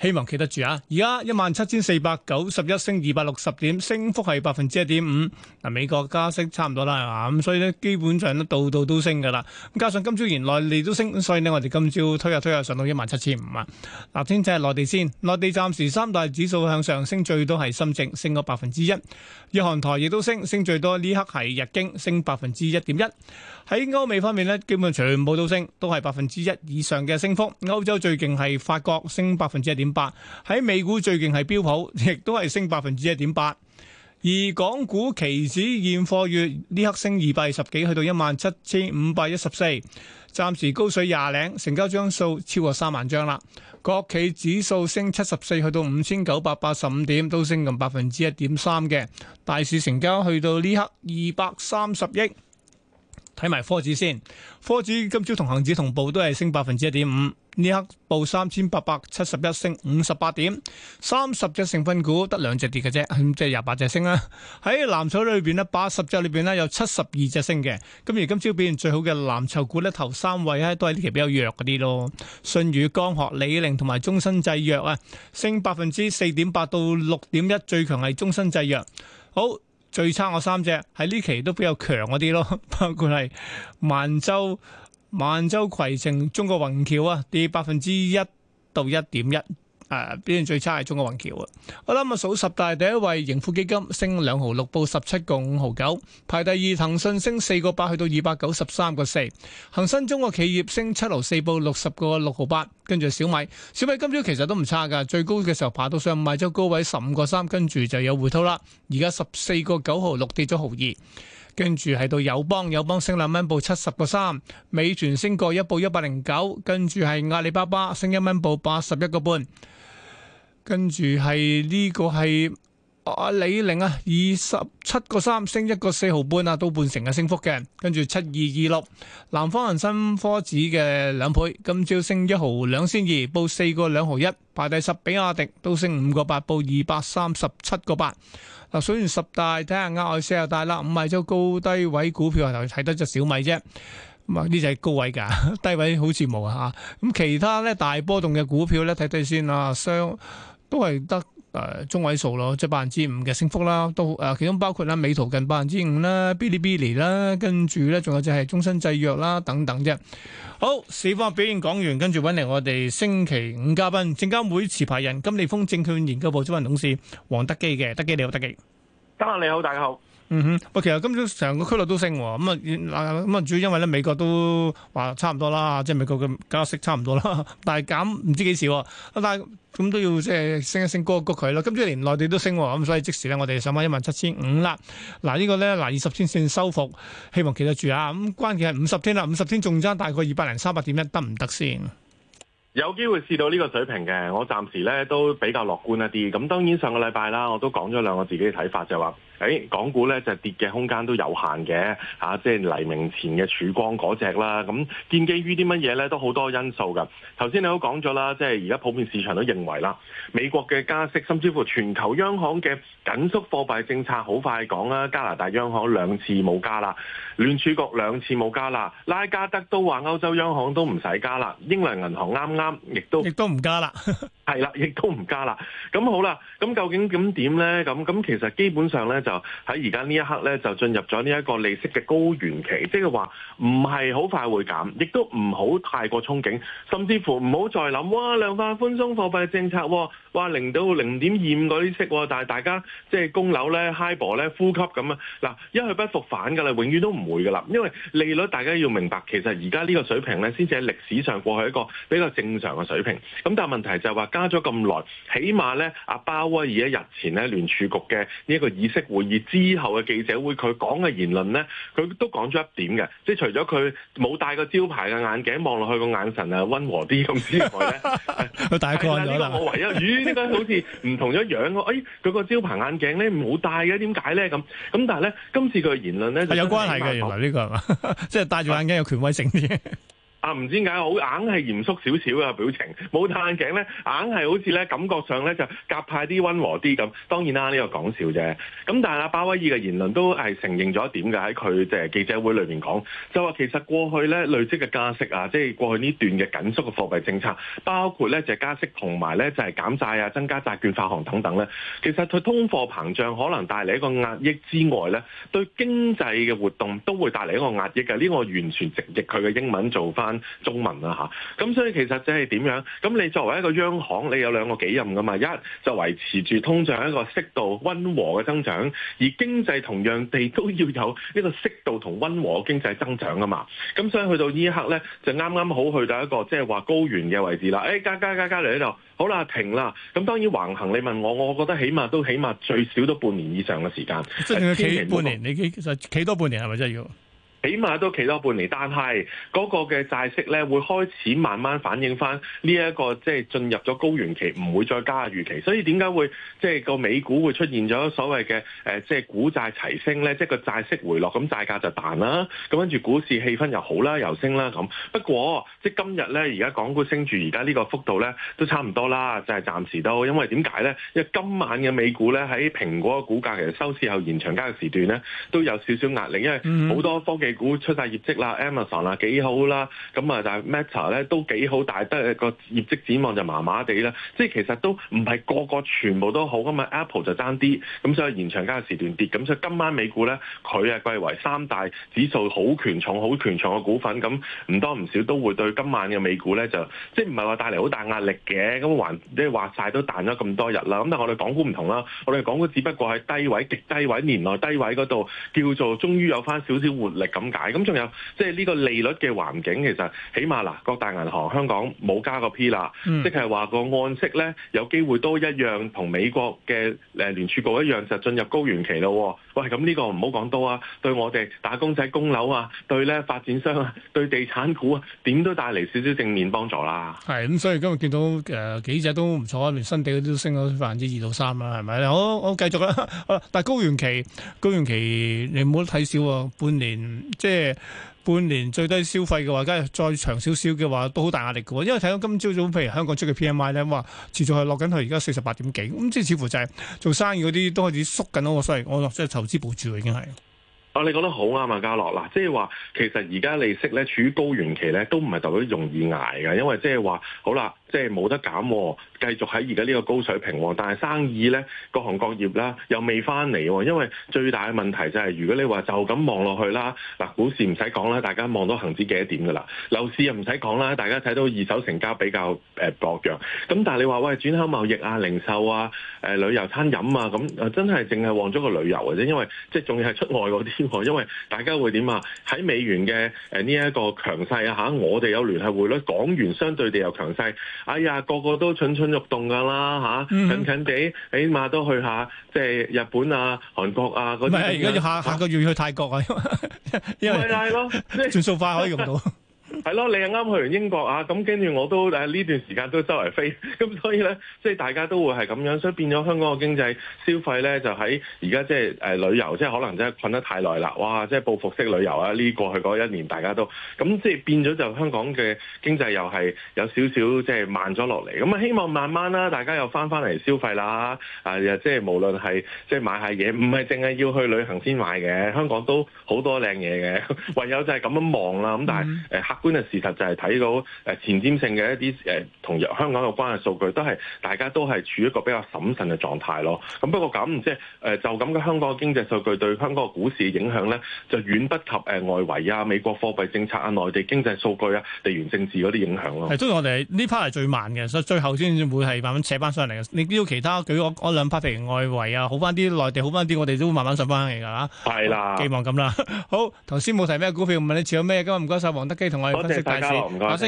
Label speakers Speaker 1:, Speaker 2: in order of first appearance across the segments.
Speaker 1: 希望企得住啊！而家一萬七千四百九十一，升二百六十點，升幅係百分之一點五。嗱，美國加息差唔多啦，啊，咁所以呢，基本上都度度都升噶啦。加上今朝連內地都升，所以呢，我哋今朝推下推下上到一萬七千五啊。嗱，先睇下內地先，內地暫時三大指數向上升，最多係深證升個百分之一。日韓台亦都升，升最多呢刻係日經升百分之一點一。喺歐美方面呢，基本上全部都升，都係百分之一以上嘅升幅。歐洲最勁係法國，升百分之一點八喺美股最近係標普，亦都係升百分之一點八，而港股期指現貨月呢刻升二百二十幾，去到一萬七千五百一十四，暫時高水廿零，成交張數超過三萬張啦。國企指數升七十四，去到五千九百八十五點，都升近百分之一點三嘅。大市成交去到呢刻二百三十億。睇埋科指先，科指今朝同恒指同步都，都係升百分之一點五。呢刻報三千八百七十一，升五十八點。三十隻成分股得兩隻跌嘅啫，咁即係廿八隻升啦。喺藍籌裏邊呢，八十隻裏邊呢有七十二隻升嘅。咁而今朝表現最好嘅藍籌股咧，頭三位咧都係呢期比較弱嗰啲咯。舜宇光學、李寧同埋中生製藥啊，升百分之四點八到六點一，最強係中生製藥。好。最差我三隻喺呢期都比較強嗰啲咯，包括係萬洲、萬洲攜程、中國雲橋啊，跌百分之一到一點一。誒，表現、啊、最差係中國宏橋啊！好啦，咁數十大第一位，盈富基金升兩毫六，報十七個五毫九，排第二騰訊升四個八，去到二百九十三個四，恒生中國企業升七毫四，報六十個六毫八，跟住小米，小米今朝其實都唔差噶，最高嘅時候爬到上賣出高位十五個三，跟住就有回吐啦，而家十四個九毫六跌咗毫二，跟住係到友邦，友邦升兩蚊，報七十個三，美團升過一，報一百零九，跟住係阿里巴巴升一蚊，報八十一個半。跟住係呢個係阿李寧啊，二十七個三升一個四毫半啊，3, 5, 都半成嘅升幅嘅。跟住七二二六，南方恒生科指嘅兩倍，今朝升一毫兩仙二，報四個兩毫一，排第十。比亞迪都升五個八，報二百三十七個八。嗱，數完十大睇下額外四啊大啦，五萬隻高低位股票，我頭睇得隻小米啫。咁啊，呢隻係高位噶，低位好似冇啊。咁其他咧大波動嘅股票咧，睇睇先啊，雙。都係得誒中位數咯，即係百分之五嘅升幅啦，都誒其中包括啦美圖近百分之五啦，Bilibili 啦，跟住咧仲有就係中生製藥啦等等啫。好，市況表現講完，跟住揾嚟我哋星期五嘉賓，證監會持牌人金利豐證券研究部董事總經理黃德幾嘅，德幾你好，德幾，
Speaker 2: 嘉賓你好，大家好。
Speaker 1: 嗯哼，喂，其實今朝成個區域都升，咁啊，咁啊，主要因為咧，美國都話差唔多啦，即係美國嘅加息差唔多啦，但係減唔知幾時，但係咁都要即係升一升高高佢咯。今朝連內地都升，咁所以即時咧，我哋上翻一萬七千五啦。嗱，呢個咧，嗱二十天線收復，希望企得住啊。咁關鍵係五十天啦，五十天仲爭大概二百零三百點一得唔得先？1，行行
Speaker 2: 有機會試到呢個水平嘅，我暫時咧都比較樂觀一啲。咁當然上個禮拜啦，我都講咗兩個自己嘅睇法就，就係話。誒、哎，港股咧就係、跌嘅空間都有限嘅，嚇、啊，即係黎明前嘅曙光嗰隻啦。咁、啊、建基於啲乜嘢咧？都好多因素㗎。頭先你都講咗啦，即係而家普遍市場都認為啦，美國嘅加息，甚至乎全球央行嘅緊縮貨幣政策好快講啦。加拿大央行兩次冇加啦，聯儲局兩次冇加啦，拉加德都話歐洲央行都唔使加啦。英倫銀行啱啱亦都都唔加啦。 係啦，亦都唔加啦。咁、嗯、好啦，咁、嗯、究竟咁點咧？咁、嗯、咁、嗯、其實基本上咧，就喺而家呢一刻咧，就進入咗呢一個利息嘅高原期，即係話唔係好快會減，亦都唔好太過憧憬，甚至乎唔好再諗哇，量化寬鬆貨幣政策，哇零到零點二五嗰啲息，但係大家即係供樓咧、貸博咧、呼吸咁啊！嗱，一去不復返㗎啦，永遠都唔會㗎啦，因為利率大家要明白，其實而家呢個水平咧，先至係歷史上過去一個比較正常嘅水平。咁但係問題就係話加咗咁耐，起碼咧阿鮑威爾日前咧聯儲局嘅呢一個議息會議之後嘅記者會，佢講嘅言論咧，佢都講咗一點嘅，即係除咗佢冇戴個招牌嘅眼鏡望落去個眼神啊，溫和啲咁之外
Speaker 1: 咧，佢 大概啦、哎。呢、呢個我唯
Speaker 2: 一咦呢個好似唔同咗樣咯， 哎佢個招牌眼鏡咧唔好戴嘅，點解咧咁咁？但係咧今次佢嘅言論咧、啊、有關係嘅，原來呢個係咪
Speaker 1: 即係戴住眼鏡有權威性啲。
Speaker 2: 唔、啊、知點解好硬係嚴肅少少嘅表情，冇戴眼鏡咧，硬係好似咧感覺上咧就夾派啲溫和啲咁。當然啦、啊，呢、這個講笑啫。咁但係阿鮑威爾嘅言論都係承認咗一點嘅，喺佢即係記者會裏面講，就話其實過去咧累積嘅加息啊，即、就、係、是、過去呢段嘅緊縮嘅貨幣政策，包括咧就係加息同埋咧就係減債啊、增加債券發行等等咧，其實佢通貨膨脹可能帶嚟一個壓抑之外咧，對經濟嘅活動都會帶嚟一個壓抑嘅。呢、這個完全直譯佢嘅英文做翻。中文啦、啊，吓。咁所以其實即係點樣？咁你作為一個央行，你有兩個紀任㗎嘛？一就維持住通脹一個適度溫和嘅增長，而經濟同樣地都要有呢個適度同溫和嘅經濟增長㗎嘛！咁所以去到呢一刻咧，就啱啱好去到一個即係話高原嘅位置啦。誒、哎，加加加加嚟呢度好啦，停啦！咁當然橫行，你問我，我覺得起碼都起碼最少都半年以上
Speaker 1: 嘅時間，即係要企半年，你企其實企多半年係咪真係要？是
Speaker 2: 起碼都企多半年，但係嗰個嘅債息咧會開始慢慢反映翻呢一個即係、就是、進入咗高原期，唔會再加預期。所以點解會即係個美股會出現咗所謂嘅誒即係股債齊升咧？即係個債息回落，咁債價就彈啦。咁跟住股市氣氛又好啦，又升啦咁。不過即係、就是、今日咧，而家港股升住，而家呢個幅度咧都差唔多啦，就係、是、暫時都。因為點解咧？因為今晚嘅美股咧喺蘋果嘅股價其實收市後延長加嘅時段咧都有少少壓力，因為好多科技。美股出晒業績啦，Amazon 啦幾好啦，咁啊但係 Meta 咧都幾好，但係得個業績展望就麻麻地啦。即係其實都唔係個，個個全部都好咁嘛，Apple 就爭啲，咁所以延長加個時段跌。咁所以今晚美股咧，佢啊貴為三大指數好權重、好權重嘅股份，咁唔多唔少都會對今晚嘅美股咧就即係唔係話帶嚟好大壓力嘅。咁還即係話晒都彈咗咁多日啦。咁但係我哋港股唔同啦，我哋港股只不過喺低位、極低位、年內低位嗰度叫做終於有翻少少活力。咁解，咁仲、嗯、有即係呢個利率嘅環境，其實起碼嗱各大銀行香港冇加個 P 啦，即係話個按息咧有機會都一樣同美國嘅誒、呃、聯儲局一樣，就進入高原期咯、哦。喂，咁呢個唔好講多啊，對我哋打工仔供樓啊，對咧發展商啊，對地產股啊，點都帶嚟少少正面幫助啦。
Speaker 1: 係咁、嗯，所以今日見到誒、呃、幾隻都唔錯啊，連新地都升咗百分之二到三啦，係咪咧？我我繼續啊，但係高原期高原期你唔好睇少喎，半年。即係半年最低消費嘅話，梗係再長少少嘅話，都好大壓力嘅喎。因為睇到今朝早，譬如香港出嘅 P M I 咧，話，持續係落緊去，而家四十八點幾。咁、嗯、即係似乎就係做生意嗰啲都開始縮緊，所以我個衰，我落即係投資保住已經係。
Speaker 2: 啊，你講得好啱啊，嘉樂嗱，即係話其實而家利息咧處於高原期咧，都唔係特別容易捱嘅，因為即係話好啦。即係冇得減、喎，繼續喺而家呢個高水平喎。但係生意呢，各行各業啦，又未翻嚟喎。因為最大嘅問題就係、是，如果你話就咁望落去啦，嗱，股市唔使講啦，大家望到恒指幾多點㗎啦。樓市又唔使講啦，大家睇到二手成交比較薄弱。咁但係你話喂，轉口貿易啊、零售啊、誒、呃、旅遊餐飲啊，咁真係淨係望咗個旅遊嘅啫。因為即係仲要係出外嗰啲喎。因為大家會點啊？喺美元嘅呢一個強勢啊嚇，我哋有聯繫匯率，港元相對地又強勢。哎呀，個個都蠢蠢欲動㗎啦嚇，嗯、哼近近地起碼都去下即係日本啊、韓國啊嗰啲。唔係、啊，而家要下下
Speaker 1: 個月要去泰國啊，啊因為
Speaker 2: 泰咯，轉 數快可以用到。 係咯，你又啱去完英國啊，咁跟住我都誒呢段時間都周圍飛，咁所以咧，即係大家都會係咁樣，所以變咗香港嘅經濟消費咧，就喺而家即係誒旅遊，即係可能真係困得太耐啦，哇！即係報復式旅遊啊，呢過去嗰一年大家都咁即係變咗，就香港嘅經濟又係有少少即係慢咗落嚟，咁啊希望慢慢啦，大家又翻翻嚟消費啦，啊即係無論係即係買下嘢，唔係淨係要去旅行先買嘅，香港都好多靚嘢嘅，唯有就係咁樣望啦，咁但係誒客觀。事實就係睇到誒前瞻性嘅一啲誒同香港有關嘅數據，都係大家都係處一個比較審慎嘅狀態咯。咁不過咁即係誒，就咁嘅香港嘅經濟數據對香港嘅股市嘅影響咧，就遠不及誒外圍啊、美國貨幣政策啊、內地經濟數據啊、地緣政治嗰啲影響咯、啊。係，當
Speaker 1: 然我哋呢 part 係最慢嘅，所以最後先至會係慢慢扯翻上嚟。你要其他舉個嗰兩 part 譬如外圍啊好翻啲，內地好翻啲，我哋都會慢慢上翻嚟㗎嚇。係啦的，希望咁啦。好，頭先冇提咩股票，唔問你持咗咩今嘛？唔該晒黃德幾同我。分析大，大下星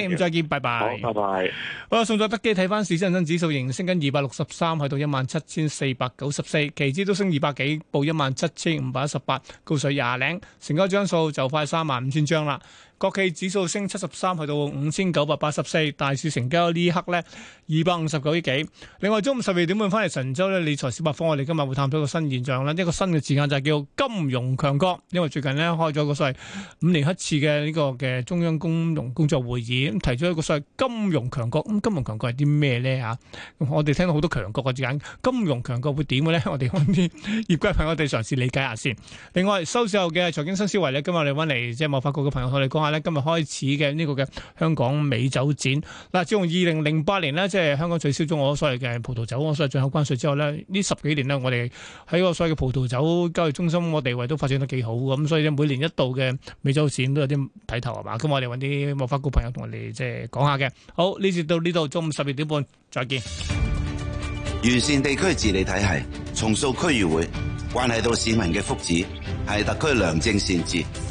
Speaker 1: 期五再見。拜拜。好，拜拜。好，送咗德幾睇翻市，市恒生指數，升緊二百六十三，去到一萬七千四百九十四，期指都升二百幾，報一萬七千五百一十八，高水廿零，成交張數就快三萬五千張啦。國企指數升七十三，去到五千九百八十四。大市成交呢一刻呢，二百五十九億幾。另外中午十二點半翻嚟，神州咧理財小百科，我哋今日會探討一個新現象啦。一個新嘅字眼就係叫金融強國。因為最近呢開咗個所謂五年一次嘅呢個嘅中央金融工作會議，提出一個所謂金融強國。咁金融強國係啲咩呢？吓，我哋聽到好多強國嘅字眼，金融強國會點嘅呢？我哋啲業界朋友我哋嘗試理解下先。另外收市後嘅財經新思維呢，今日我哋揾嚟即係某法局嘅朋友同我哋講下。今日開始嘅呢個嘅香港美酒展，嗱，自從二零零八年咧，即係香港取消咗我所謂嘅葡萄酒我所謂進口關稅之後咧，呢十幾年咧，我哋喺個所謂嘅葡萄酒交易中心個地位都發展得幾好咁，所以每年一度嘅美酒展都有啲睇頭係嘛？咁我哋搵啲幕發顧朋友同我哋即係講下嘅。好，呢節到呢度，中午十二點半再見。
Speaker 2: 完善地區治理體系，重塑區議會，關係到市民嘅福祉，係特區良政善治。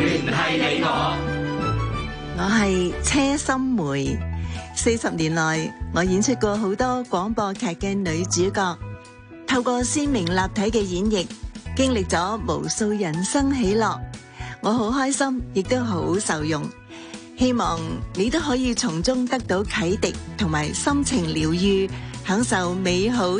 Speaker 2: 聯繫
Speaker 1: 你我，我係車心梅。四十年來，我演出過好多廣播劇嘅女主角，透過鮮明立體嘅演繹，經歷咗無數人生喜樂。我好開心，亦都好受用。希望你都可以從中得到啟迪，同埋心情療癒，享受美好。